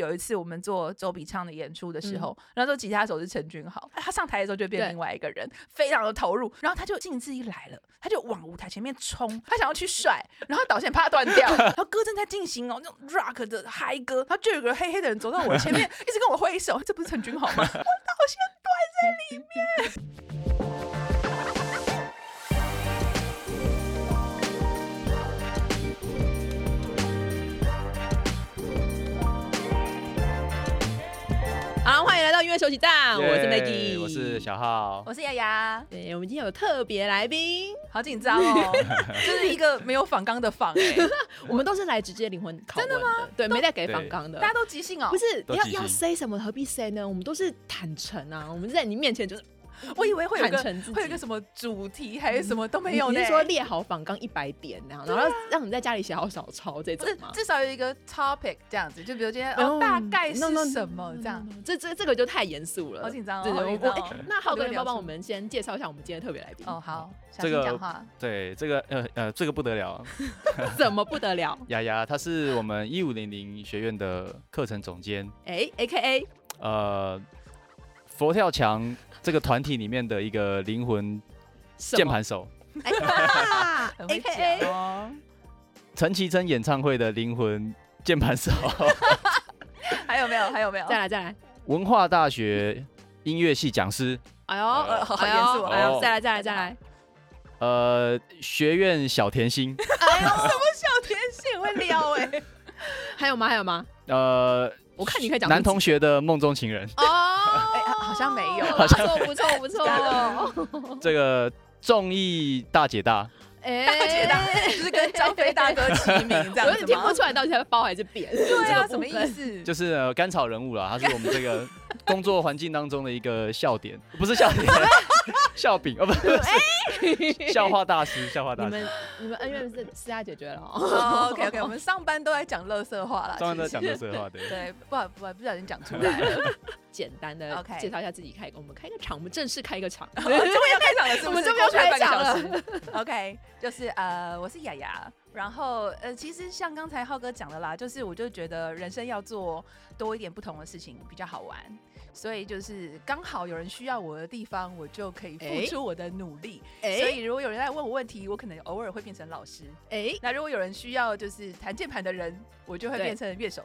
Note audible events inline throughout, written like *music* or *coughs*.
有一次我們做周筆暢的演出的時候，嗯、然後就吉他手是陳君豪，他上台的時候就變另外一個人，非常的投入，然後他就興致一來了，他就往舞台前面衝，他想要去甩，然後導線啪斷掉， *laughs* 然後歌正在進行哦，那種 rock 的嗨歌，然後就有一個黑黑的人走到我前面，一直跟我揮手， *laughs* 這不是陳君豪嗎？我導線斷在裡面。 *laughs* 因為休息站，yeah, 我是 Maggie，我是小浩，我是牙牙。對、欸，我們今天有特別來賓，好緊張哦，這 *laughs* 是一個沒有訪綱的訪、欸。 *laughs* 我們都是來直接靈魂拷問的，真的嗎？對，沒帶給訪綱的，大家都即興哦、喔。不是要要 say 什麼，何必 say 呢？我們都是坦誠啊，我們在你面前就是。我以為會有個會有個什麼主題還是什麼都沒有呢、嗯。你說列好訪綱一百點樣，然後、啊、然後讓你在家裡寫好小抄這，這種至少有一個 topic 這樣子，就比如今天、嗯、哦，大概是、嗯、什麼、嗯、這樣？嗯、這這這個就太嚴肅了，好緊張哦。對哦我我、哦欸哦、那浩哥你不要幫我們先介紹一下我們今天特別來賓哦，好，小心講話。這個、對，這個呃呃這個不得了， *laughs* 怎麼不得了？牙 *laughs* 牙，她是我們一五零零學院的課程總監， *laughs* 哎，A K A，呃。佛跳牆這個團體裡面的一個靈魂鍵盤手，哎，哈哈哈哈，aka，陳綺貞演唱會的靈魂鍵盤手，哈 *laughs* *laughs* 還有沒有？還有沒有？再來再來！文化大學音樂系講師，哎呦，好嚴肅，哎呦，再、哎、來再來再來！呃，學院小甜心， *laughs* 哎呦，什麼小甜心？會撩哎？ *laughs* 還有嗎？還有嗎？呃，我看你可以講，男同學的夢中情人哦。 *laughs* *laughs* 好像沒有，不錯不錯不錯 *laughs* 這個綜藝大姐大 *laughs* 大姐大是跟張飛大哥齊名這樣， *laughs* 我有點聽不出來到底他是包還是扁。 *laughs* 對啊，這個、什麼意思？就是甘草人物啦，他是我們這個。 *laughs* 工作環境當中的一個笑點，不是笑點，笑,笑柄哦， *laughs* 不是，欸,、 *laughs* 笑話大師，笑話大師。你們你們恩怨是私下解決了哦。Oh, OK OK， *laughs* 我們上班都在講垃圾話了，上班都在講垃圾話，對對,對,對，不好不好，不小心講出來了。 *laughs* 簡單的，OK，介紹一下自己，開 *laughs* 我們開個場，我們正式開一個場。終於開場了，終於要開場了。是,我們終於要開場了 *laughs* OK，就是呃，uh, 我是牙牙。然後，呃，其實像剛才浩哥講的啦，就是我就覺得人生要做多一點不同的事情比較好玩，所以就是剛好有人需要我的地方，我就可以付出我的努力。欸、所以如果有人來問我問題，我可能偶爾會變成老師，欸。那如果有人需要就是彈鍵盤的人，我就會變成樂手。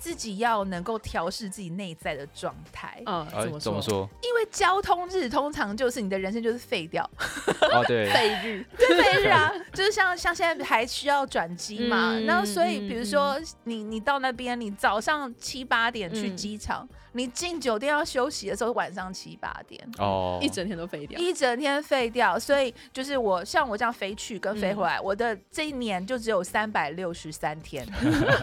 自己要能夠調適自己內在的狀態，嗯、呃，怎麼說？因為交通日通常就是你的人生就是廢掉， *laughs* 哦，對，廢日， *laughs* 對，廢日啊， *laughs* 就是像像現在還需要轉機嘛，嗯，那所以比如說、嗯、你你到那邊，你早上七八點去機場。嗯你進酒店要休息的時候，晚上七八點哦，oh. 一整天都廢掉，一整天廢掉。所以就是我像我這樣飛去跟飛回來，嗯、我的這一年就只有三百六十三天 *laughs*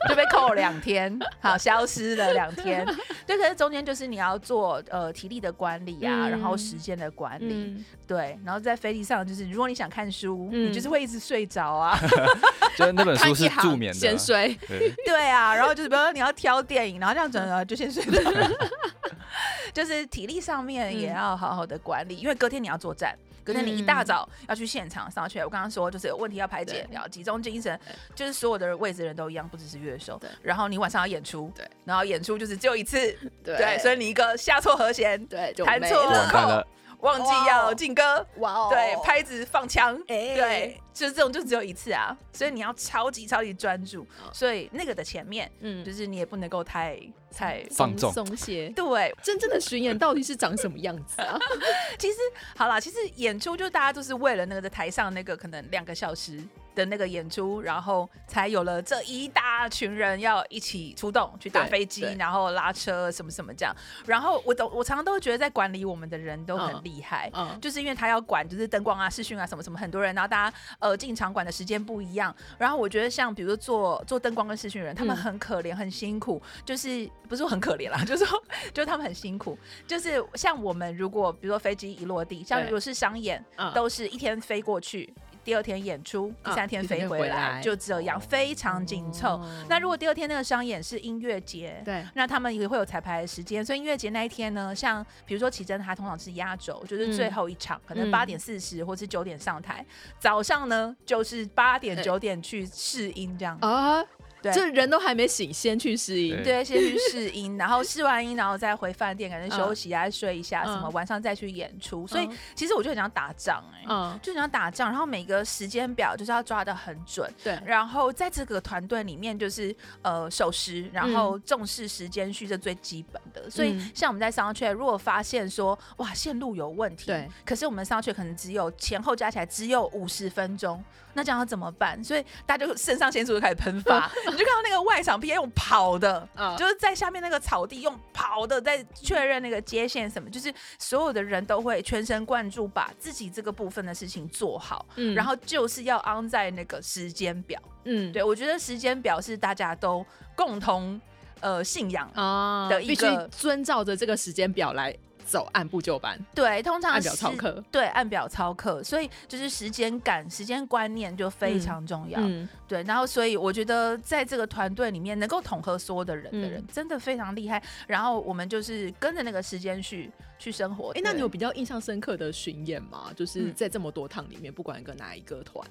就被扣兩天，好 *laughs* 消失了兩天。對，可是中間就是你要做呃體力的管理啊，嗯、然後時間的管理、嗯，對，然後在飛機上就是如果你想看書、嗯，你就是會一直睡着啊。 *laughs* 就那本書是助眠的，看一行先睡。對，對啊。然後就是比如說你要挑電影，然後這樣子就先睡。 *laughs* *laughs* 就是體力上面也要好好的管理，嗯，因為隔天你要作戰，隔天你一大早要去現場上去。嗯，我剛剛說就是有問題要排解，要集中精神，就是所有的位置的人都一樣，不只是樂手，對。然後你晚上要演出，對，然後演出就是只有一次，對，對，所以你一個下錯和弦，對，就彈錯了，了。忘記要進歌哇哦，wow. Wow. 對，拍子放槍，欸，對，就是這種就只有一次啊，所以你要超級超級專注，所以那個的前面，嗯，就是你也不能夠太太放鬆懈。對、嗯，真正的巡演到底是長什麼樣子啊？ *laughs* 其實好啦，其實演出就大家就是為了那個在台上那個可能兩個小時。的那個演出，然後才有了這一大群人要一起出動去搭飛機，然後拉車什麼什麼這樣。然後我都我常常都覺得在管理我們的人都很厲害，嗯嗯、就是因為他要管，就是燈光啊、視訊啊什麼什麼，很多人。然後大家呃進場館的時間不一樣。然後我覺得像比如說做做燈光跟視訊的人，他們很可憐，嗯、很辛苦。就是不是說很可憐啦，就是說 *laughs* 就是他們很辛苦。就是像我們如果比如說飛機一落地，像如果是商演、嗯，都是一天飛過去。第二天演出，第、啊、三天飛回來，回來就這樣、哦、非常緊湊、嗯。那如果第二天那個商演是音樂節，對、嗯，那他們也會有彩排的時間。所以音樂節那一天呢，像比如說奇真，他通常是壓軸，就是最後一場，嗯、可能八點四十或是九點上台、嗯。早上呢，就是八點九點去試音這樣子。對，就人都還沒醒，嗯、先去試音。對，先去試音， *laughs* 然後試完音，然後再回飯店，可能休息啊，嗯、睡一下，嗯、什麼晚上再去演出。嗯、所以其實我就很想打仗哎、欸，嗯，就想打仗。然後每個時間表就是要抓得很準。對，然後在這個團隊裡面，就是呃守時，然後重視時間序是最基本的。所以、嗯、像我們在商圈，如果發現說哇線路有問題，對，可是我們商圈可能只有前後加起來只有五十分鐘。那這樣要怎麼辦？所以大家就腎上腺素就開始噴發， *laughs* 你就看到那個外場，PA 用跑的，uh, 就是在下面那個草地用跑的，在確認那個接線什麼，就是所有的人都會全神貫注，把自己這個部分的事情做好，嗯、然後就是要 on 在那個時間表，嗯，對我覺得時間表是大家都共同呃信仰啊的一個、哦、必須遵照着這個時間表來。走，按部就班。對，通常按表操課。對，按表操課，所以就是時間感、時間觀念就非常重要，嗯嗯。對，然後所以我覺得在這個團隊裡面，能夠統合所有的人的人，真的非常厲害。然後我們就是跟着那個時間去去生活。哎、欸，那你有比較印象深刻的巡演嗎？就是在這麼多趟裡面，不管跟哪一個團，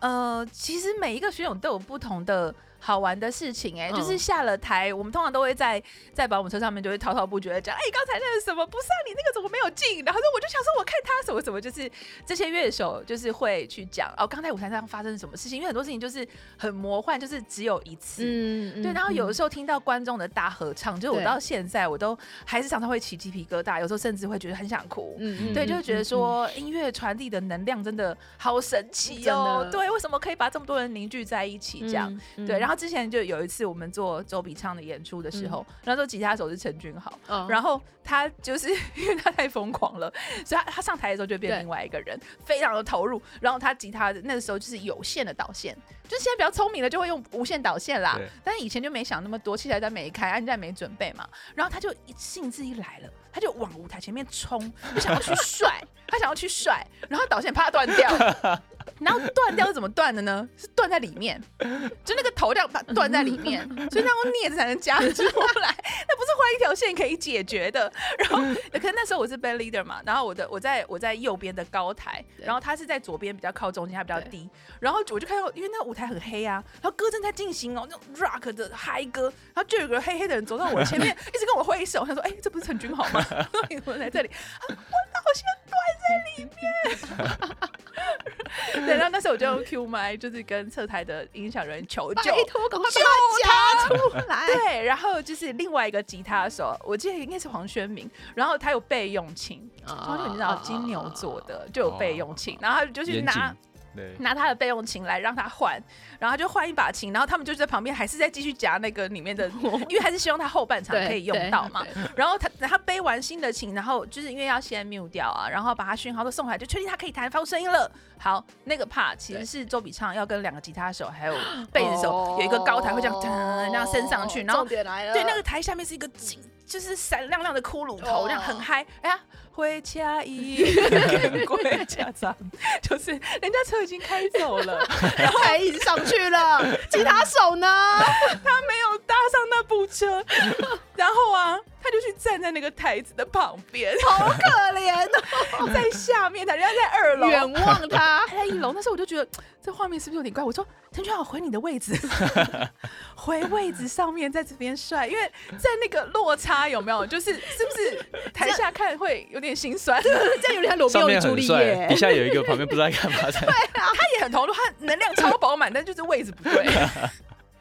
嗯，呃，其實每一個巡演都有不同的。好玩的事情哎、欸嗯，就是下了台，我們通常都會在在保姆車上面就會滔滔不絕的講，哎、欸，剛才那個什麼不是啊，你那個怎麼沒有進？然後我就想說，我看他什麼什麼，就是這些樂手就是會去講哦，剛才舞台上發生什麼事情。因為很多事情就是很魔幻，就是只有一次，嗯嗯。對，然後有的時候聽到觀眾的大合唱，就我到現在我都還是常常會起雞皮疙瘩，有時候甚至會覺得很想哭，嗯嗯。對，就覺得說音樂傳遞的能量真的好神奇哦、喔，對，為什麼可以把這麼多人凝聚在一起這樣、嗯嗯。對，然後。之前就有一次，我們做周筆暢的演出的時候，那時候吉他手是陳君豪，嗯、然後他就是因為他太瘋狂了，所以他,他上台的時候就變另外一個人，非常的投入。然後他吉他的那個時候就是有線的導線，就現在比較聰明的就會用無線導線啦。但是以前就沒想那麼多，器材在沒開，按在沒準備嘛。然後他就一興致一來了，他就往舞台前面衝，就想要去甩，他想要去甩， *laughs* 然後導線啪斷掉。 *laughs* 然後斷掉是怎麼斷的呢？是斷在裡面，就那個頭掉斷斷在裡面，所以那個鑷子才能夾住過來。 *laughs* 那不是換一條線可以解決的。然後， *laughs* 可是那時候我是 band leader 嘛，然後我的我在我在右邊的高台，然後他是在左邊比較靠中間，他比較低。然後我就看到，因為那個舞台很黑啊，然後歌正在進行哦，那種 rock 的嗨歌，然後就有個黑黑的人走到我前面， *laughs* 一直跟我揮手，他說：“哎、欸，這不是陳君豪嗎？ *laughs* 我在這裡？”啊、我老先斷。在裡面，對，然後那時候我就用 Q 麥，就是跟側台的音響人求救，把一拖狗救他出來。 *laughs* 對，然後就是另外一個吉他手，我記得應該是黃軒明，然後他有備用琴，黃軒明你知道金牛座的、啊、就有備用琴，然後他就去拿。對，拿他的備用琴來讓他換，然後他就換一把琴，然後他們就在旁邊還是在繼續夾那個裡面的，哦、因為還是希望他後半場可以用到嘛。然後他他背完新的琴，然後就是因為要先 mute 掉啊，然後把他訊號都送回來，就確定他可以彈發出聲音了。好，那個 part 其實是周筆暢要跟兩個吉他手還有貝斯手、哦、有一個高台會這樣噔這、哦呃、樣升上去，然後重點來了，對，那個台下面是一個井。就是閃亮亮的骷髏頭那、oh. 樣很嗨，哎呀回家一很怪，家 *laughs* 長 *laughs* 就是人家車已經開走了， *laughs* 然後還一直上去了，吉 *laughs* 他手呢，他沒有搭上那部車， *laughs* 然後啊他就去站在那個台子的旁邊，好可憐哦，在下面，他人家在二樓遠望他，在一樓，那時候我就覺得這畫面是不是有點怪？我說。陳俊豪，回你的位置，回位置上面在這邊帥，因為在那個落差有沒有？就是是不是台下看會有點心酸， *laughs* 這樣 *laughs* 這樣有點蘿蔔雕朱麗底下有一個旁邊不知道在幹嘛在 *laughs* 對，對他也很投入，他能量超飽滿， *coughs* 但就是位置不對。 *coughs*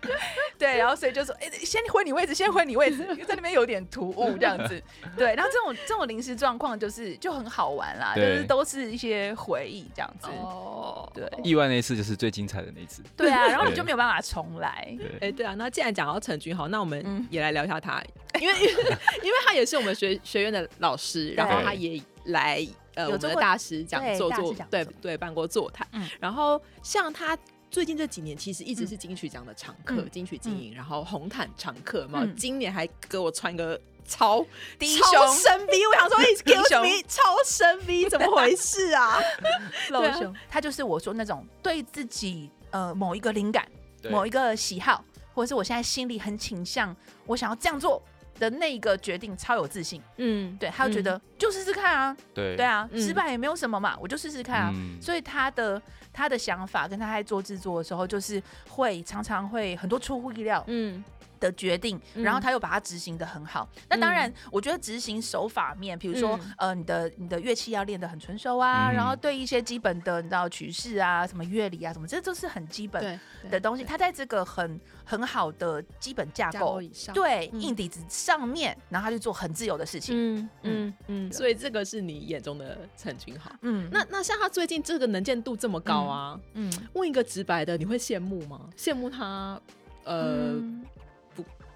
*laughs* 對，然後所以就說，哎，先回你位置，先回你位置，在那邊有點突兀 *laughs* 這樣子。對，然後這種這種臨時狀況就是就很好玩啦，就是都是一些回憶這樣子。哦、oh，對。意外那一次就是最精彩的那一次。對啊，然後你就沒有辦法重來。 *laughs* 對，哎，對啊。那既然講到陳君豪，那我們也來聊一下他，嗯、因為因為， *laughs* 因為他也是我們學學院的老師，然後他也來呃有做我們的大師講座大師講座，對對辦過座談。嗯。然後像他。最近這幾年其實一直是金曲獎的常客，嗯，金曲金音，嗯，然後紅毯常客嘛，嗯。今年還給我穿個超低胸深 V，我想說 Excuse me，你低胸超深 V 怎麼回事啊？ *laughs* 老兄，他就是我說那種對自己呃某一個靈感，某一個喜好，或者是我現在心裡很傾向，我想要這樣做。的那個決定超有自信，嗯，對，他就覺得、嗯、就試試看啊，對，對啊、嗯，失敗也沒有什麼嘛，我就試試看啊、嗯，所以他的他的想法跟他在做製作的時候，就是會常常會很多出乎意料，嗯。嗯的決定，然後他又把它執行得很好、嗯。那當然，我覺得執行手法面，比、嗯、如說、嗯，呃，你的你的樂器要練得很純熟啊、嗯，然後對一些基本的，你知道曲式啊、什麼樂理啊什麼，這都是很基本的東西。他在這個很很好的基本架構，架構以上對，硬底子上面，嗯、然後他去做很自由的事情。嗯嗯嗯，所以這個是你眼中的陳君豪。嗯，那那像他最近這個能見度這麼高啊，嗯，嗯問一個直白的，你會羨慕嗎？羨慕他？呃。嗯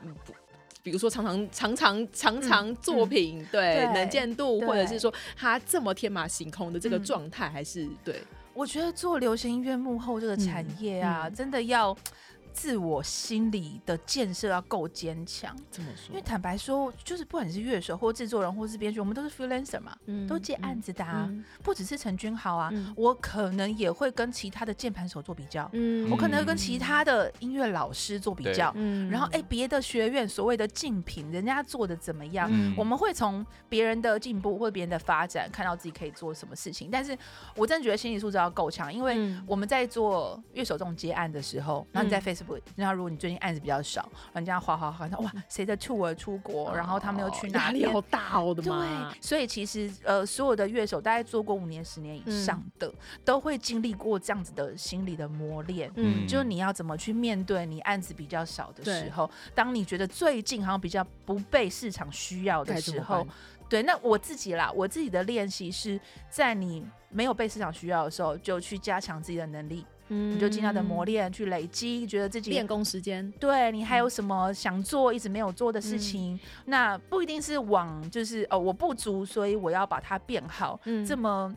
嗯，不，比如說常常常常常常作品、嗯嗯、對，對能見度對，或者是說他這麼天馬行空的這個狀態、嗯，還是對。我覺得做流行音樂幕後這個產業啊，嗯嗯、真的要。自我心理的建設要夠堅強，怎麼說？因為坦白說，就是不管是樂手，或制作人、或是編劇，我們都是 freelancer 嘛、嗯，都接案子的、啊嗯，不只是陳君豪啊、嗯，我可能也會跟其他的鍵盤手做比較，嗯，我可能會跟其他的音樂老師做比較，嗯，然後哎，別、欸、的學院所謂的競品，人家做的怎麼樣，嗯，我們會從別人的進步或別人的發展，看到自己可以做什麼事情，但是我真的覺得心理素質要夠強，因為我們在做樂手這種接案的時候，那、嗯，你在 Facebook。那如果你最近案子比較少，人家嘩嘩嘩說哇，誰的 tour 出國、哦，然後他們又去哪裡？壓力好大哦的嗎？對，所以其實呃，所有的樂手大概做過五年、十年以上的、嗯，都會經歷過這樣子的心理的磨練。嗯，就是你要怎麼去面對你案子比較少的時候、嗯，當你覺得最近好像比較不被市場需要的時候，對。那我自己啦，我自己的練習是在你沒有被市場需要的時候，就去加強自己的能力。嗯，你就盡量的磨練、嗯，去累積，你覺得自己練功時間，對你還有什麼想做、嗯、一直沒有做的事情，嗯、那不一定是往，就是哦，我不足，所以我要把它變好，嗯，這麼。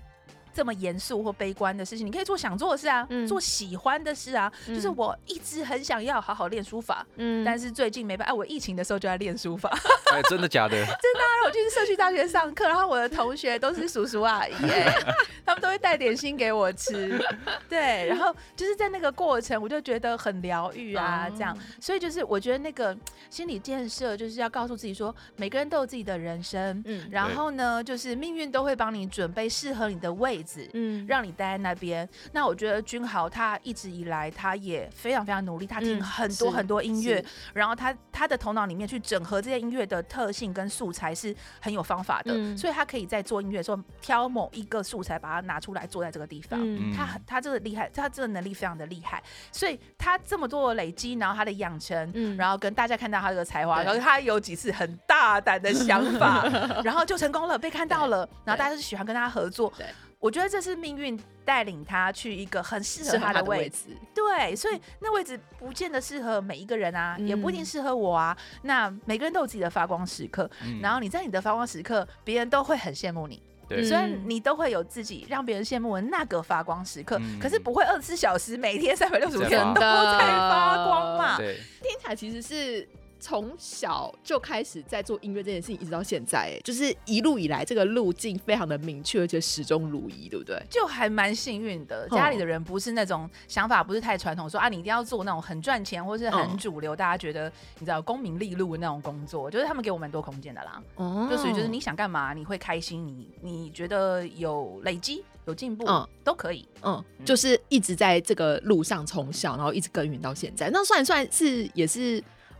這麼嚴肅或悲觀的事情，你可以做想做的事啊，嗯、做喜歡的事啊、嗯。就是我一直很想要好好練書法，嗯，但是最近沒辦法。哎、我疫情的時候就在練書法，哎、 *laughs* 欸，真的假的？ *laughs* 真的、啊，我去社區大學上課，然後我的同學都是叔叔阿、啊、姨，哎 *laughs* Yeah ,， *laughs* 他們都會帶點心給我吃。對，然後就是在那個過程，我就覺得很療癒啊、嗯，這樣。所以就是我覺得那個心理建設，就是要告訴自己說，每個人都有自己的人生，嗯，然後呢，就是命運都會幫你準備適合你的位置。嗯，讓你待在那邊。那我覺得君豪他一直以來他也非常非常努力，他聽很多很多音樂、嗯，然後他他的頭腦裡面去整合這些音樂的特性跟素材是很有方法的，嗯、所以他可以在做音樂的時候挑某一個素材把它拿出來做在這個地方。嗯、他很他這個厲害，他這個能力非常的厲害，所以他這麼多的累積，然後他的養成、嗯，然後跟大家看到他這個才華，然後他有幾次很大膽的想法， *laughs* 然後就成功了，被看到了，然後大家就是喜歡跟他合作。對對。我覺得這是命運帶領他去一個很適合，合他的位置，對，所以那位置不見得適合每一個人啊，嗯、也不一定適合我啊。那每個人都有自己的發光時刻，嗯、然後你在你的發光時刻，別人都會很羨慕你。對，所以你都會有自己讓別人羨慕的那個發光時刻，嗯、可是不會二十四小時、每天三百六十五天都在發光嘛？天才其實是。從小就開始在做音樂這件事情，一直到現在、欸，就是一路以來這個路徑非常的明確，而且始終如一，對不對？就還蠻幸運的，家裡的人不是那種想法不是太傳統，說啊你一定要做那種很賺錢或是很主流，嗯、大家覺得你知道功名利祿的那種工作，就是他們給我蠻多空間的啦。哦、嗯，就屬於就是你想幹嘛，你會開心，你你覺得有累積有進步、嗯，都可以嗯，嗯，就是一直在這個路上，從小然後一直耕耘到現在，那算算是也是。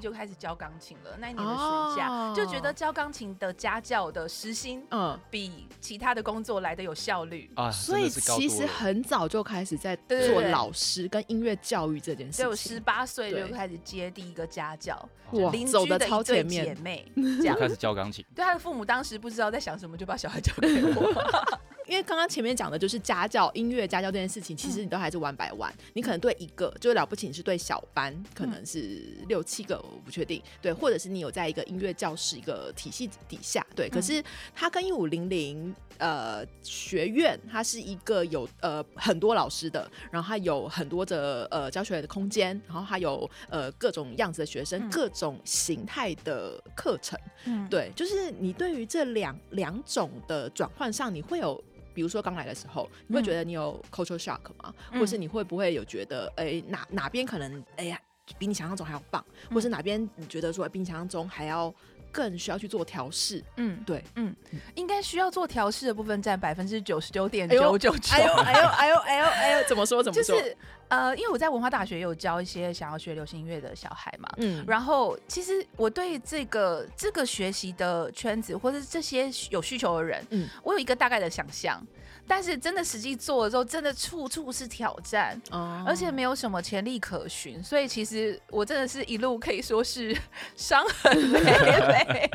就開始教鋼琴了。那一年的暑假，哦，就覺得教鋼琴的家教的時薪，嗯，比其他的工作來的有效率，嗯、啊。所以其實很早就開始在做老師跟音樂教育這件事情。所以我十八歲就開始接第一個家教，就鄰居的。哇，走得超前面。姐妹這樣就開始教鋼琴。對，他的父母當時不知道在想什麼，就把小孩交給我。 *laughs* 因為剛剛前面講的就是家教音樂家教這件事情，其實你都還是 one by one，嗯。你可能對一個就了不起，你是對小班，嗯，可能是六七個。我不確定，對，或者是你有在一個音樂教室一個體系底下，對，嗯、可是它跟一五零零呃學院，它是一個有呃很多老師的，然後它有很多的呃教學的空間，然後它有呃各種樣子的學生，嗯、各種形態的課程、嗯，對，就是你對於這兩兩種的轉換上，你會有，比如說剛來的時候，你、嗯、會覺得你有 cultural shock 嗎、嗯？或是你會不會有覺得，哎、欸，哪哪邊可能，哎、欸、呀？比你想象中還要棒，嗯，或是哪邊你覺得說比你想象中還要更需要去做調試？嗯，對，嗯，應該需要做調試的部分占百分之九十九點九九九。 *laughs* 哎呦，哎呦，哎呦，哎呦，哎呦，哎呦，哎呦，哎呦，哎呦，怎麼說？怎麼說？就是呃，因為我在文化大學有教一些想要學流行音樂的小孩嘛，嗯，然後其實我對這個這個學習的圈子或者是這些有需求的人，嗯，我有一個大概的想象。但是真的實際做了之後，真的處處是挑戰，oh. 而且沒有什麼潛力可循，所以其實我真的是一路可以說是傷痕累累。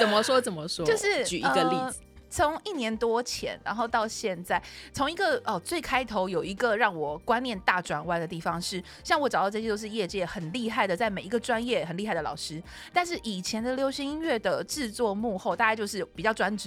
怎麼說？怎麼說？就是、呃、舉一個例子，從一年多前，然後到現在，從一個哦最開頭有一個讓我觀念大轉彎的地方是，像我找到這些都是業界很厲害的，在每一個專業很厲害的老師，但是以前的流行音樂的制作幕後，大概就是比較專職，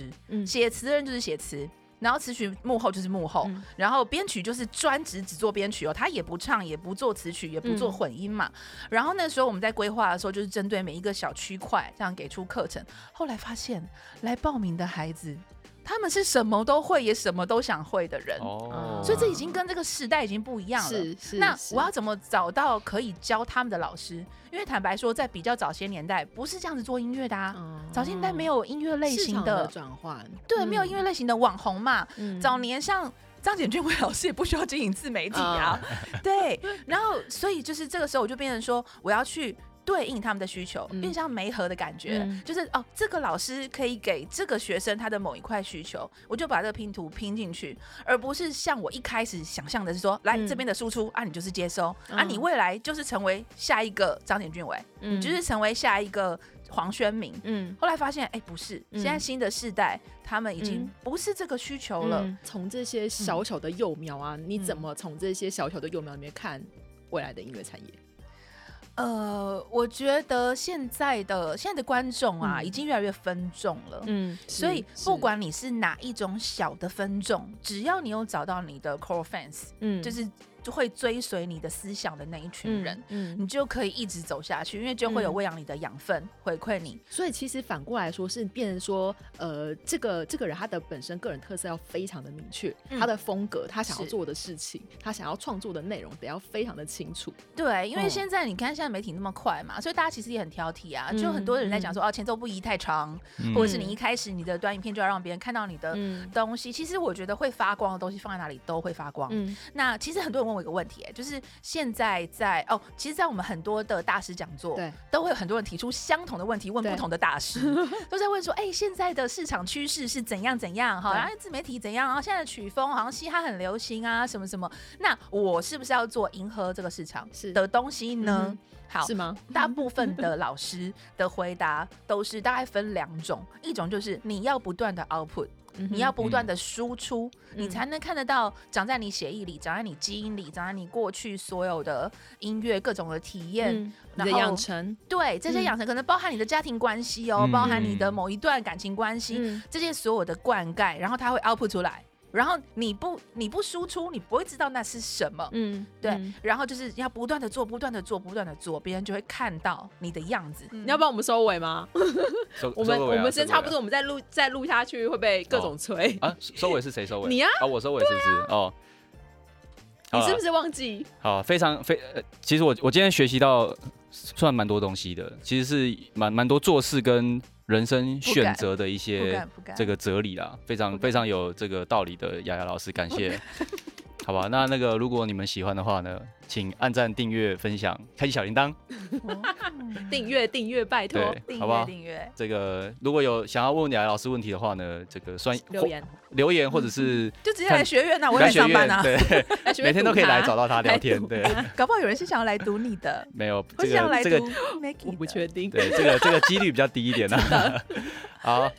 寫、嗯、詞的人就是寫詞。然後詞曲幕後就是幕後，嗯，然後編曲就是專職只做編曲哦，他也不唱，也不做詞曲，也不做混音嘛。嗯、然後那時候我們在規劃的時候，就是針對每一個小區塊這樣給出課程。後來發現來報名的孩子。他們是什麼都會，也什麼都想會的人、哦，所以這已經跟這個時代已經不一樣了。是是，那我要怎麼找到可以教他們的老師？因為坦白說，在比較早些年代，不是這樣子做音樂的啊、嗯。早些年代沒有音樂類型的轉換，對、嗯，沒有音樂類型的網紅嘛。嗯、早年像張簡君偉老師也不需要經營自媒體啊、嗯。對，然後所以就是這個時候，我就變成說，我要去。對應他們的需求，變相媒合的感覺、嗯，就是哦，這個老師可以給這個學生他的某一塊需求，我就把這個拼圖拼進去，而不是像我一開始想象的是說，來你這邊的輸出、嗯、啊，你就是接收、嗯、啊，你未來就是成為下一個張簡君偉，嗯、你就是成為下一個黃宣明，嗯，後來發現哎、欸，不是，現在新的世代他們已經不是這個需求了。從、嗯、這些小小的幼苗啊，嗯、你怎麼從這些小小的幼苗裡面看未來的音樂產業？呃，我覺得現在的現在的觀眾啊，嗯、已經越來越分眾了。嗯，所以不管你是哪一種小的分眾，只要你有找到你的 core fans，嗯，就是。就會追隨你的思想的那一群人、嗯嗯，你就可以一直走下去，因為就會有餵養你的養分、嗯、回饋你。所以其實反過來說是，變成說，呃，這個這個人他的本身個人特色要非常的明確、嗯，他的風格，他想要做的事情，他想要創作的內容，得要非常的清楚。對，因為現在你看現在媒體那麼快嘛，所以大家其實也很挑剔啊，就很多人在講說、嗯，哦，前奏不宜太長，或者是你一開始你的短影片就要讓別人看到你的東西、嗯。其實我覺得會發光的東西放在哪裡都會發光。嗯，那其實很多人。問我一個問題，哎，就是現在在，哦，其實，在我們很多的大師講座，對，都會有很多人提出相同的問題，問不同的大師，都在問說，哎、欸，現在的市場趨勢是怎樣怎樣？然後自媒體怎樣？然後現在的曲風好像嘻哈很流行啊，什麼什麼？那我是不是要做迎合這個市場的東西呢、嗯？好，是嗎？大部分的老師的回答都是大概分兩種，一種就是你要不斷的 output。你要不斷的輸出、嗯，你才能看得到長在你血液裡、嗯、長在你基因裡、長在你過去所有的音樂、各種的體驗、嗯、你的養成。對，這些養成可能包含你的家庭關係哦、嗯，包含你的某一段感情關係、嗯，這些所有的灌溉，然後它會 output 出來。然後你不你不輸出，你不會知道那是什麼。嗯，對。嗯、然後就是要不斷的做，不斷的做，不斷的做、做，別人就會看到你的樣子。嗯、你要幫我們收尾嗎？收、收尾、啊、 *laughs* 我們我、啊啊、們時間差不多，我們再錄再錄下去會被各種催、哦、啊。收尾是誰收尾？你啊？啊、哦，我收尾是不是？啊、哦，你是不是忘記？好，非常非常、呃。其實我我今天學習到算蠻多東西的，其實是蠻蠻多做事跟。人生選擇的一些這個哲理啦，非常非常有這個道理的，牙牙老師，感謝。 *laughs* 好吧，那那個如果你們喜歡的話呢，請按贊、訂閱、分享、開啟小鈴鐺。訂閱訂閱拜託，好不好？訂閱。這個如果有想要問你老師問題的話呢，這個算留言，留言或者是就直接來學院吶、啊，我也上班吶，對，每天都可以來找到他聊天， *laughs* 對。搞不好有人是想要來讀你的，沒 *laughs* 有，這個這個，我不確定，對，這個這個幾率比較低一點呢、啊。 *laughs* 好，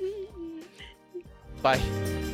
拜。 *laughs*